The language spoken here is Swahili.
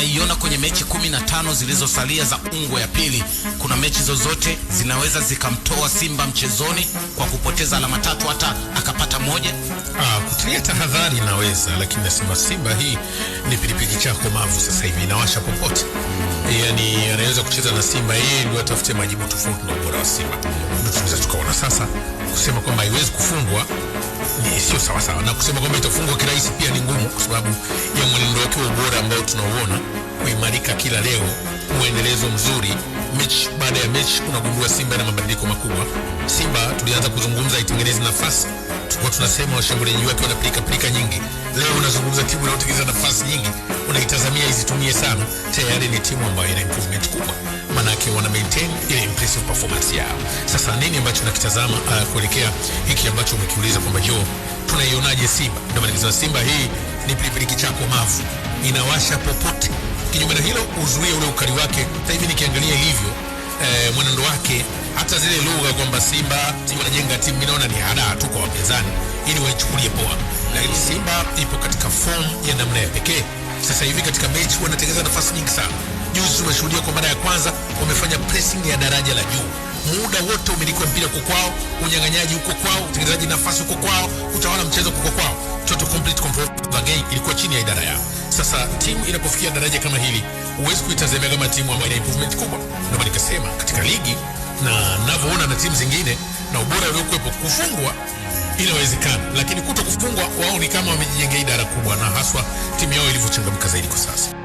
tunaiona kwenye mechi 15 zilizosalia za ungo ya pili. Kuna mechi zozote zinaweza zikamtoa Simba mchezoni kwa kupoteza alama tatu hata akapata moja? Ah, kutilia tahadhari naweza, lakini nasema Simba hii ni pilipiki chako mavu, sasa hivi inawasha popote. Hmm. Yani anaweza kucheza na Simba yeye ndio atafute majibu tofauti na ubora wa Simba, ndio tunaweza tukaona sasa. Kusema kwamba haiwezi kufungwa ni sio sawasawa, na kusema kwamba itafungwa kirahisi pia ni ngumu, kwa sababu unatakiwa ubora ambao tunauona kuimarika kila leo, mwendelezo mzuri mechi baada ya mechi. Unagundua Simba na mabadiliko makubwa. Simba tulianza kuzungumza itengeneze nafasi, tulikuwa tunasema washambuliaji wake wanapilika pilika nyingi. Leo unazungumza timu inayotengeneza nafasi nyingi Tanzania izitumie sana, tayari ni timu ambayo ina improvement kubwa, manake wana maintain ile impressive performance yao. Sasa nini ambacho nakitazama uh, kuelekea hiki ambacho umekiuliza kwamba jo, tunaionaje Simba? Ndio maana nikisema Simba hii ni pilipili kichako mavu, inawasha popote. Kinyume na hilo, uzuie ule ukali wake. Sasa hivi nikiangalia ilivyo eh, mwenendo wake hata zile lugha kwamba Simba wanajenga timu, mimi naona ni hadaa tu kwa wapinzani ili waichukulie poa, lakini Simba ipo katika form ya namna ya pekee. Sasa hivi katika mechi wanatengeneza nafasi nyingi sana. Juzi tumeshuhudia kwa mara ya kwanza wamefanya pressing ya daraja la juu, muda wote umelikuwa mpira uko kwao, unyang'anyaji uko kwao, utengenezaji nafasi uko kwao, utawala mchezo uko kwao. Total complete control the game ilikuwa chini ya idara yao. Sasa timu inapofikia daraja kama hili, huwezi kuitazamia kama timu ambayo ina improvement kubwa. Ndio nikasema katika ligi na ninavyoona na timu zingine na ubora uliokuwepo kufungwa inawezekana, lakini kuto kufungwa wao ni kama wamejijengea idara kubwa, na haswa timu yao ilivyochangamka zaidi kwa sasa.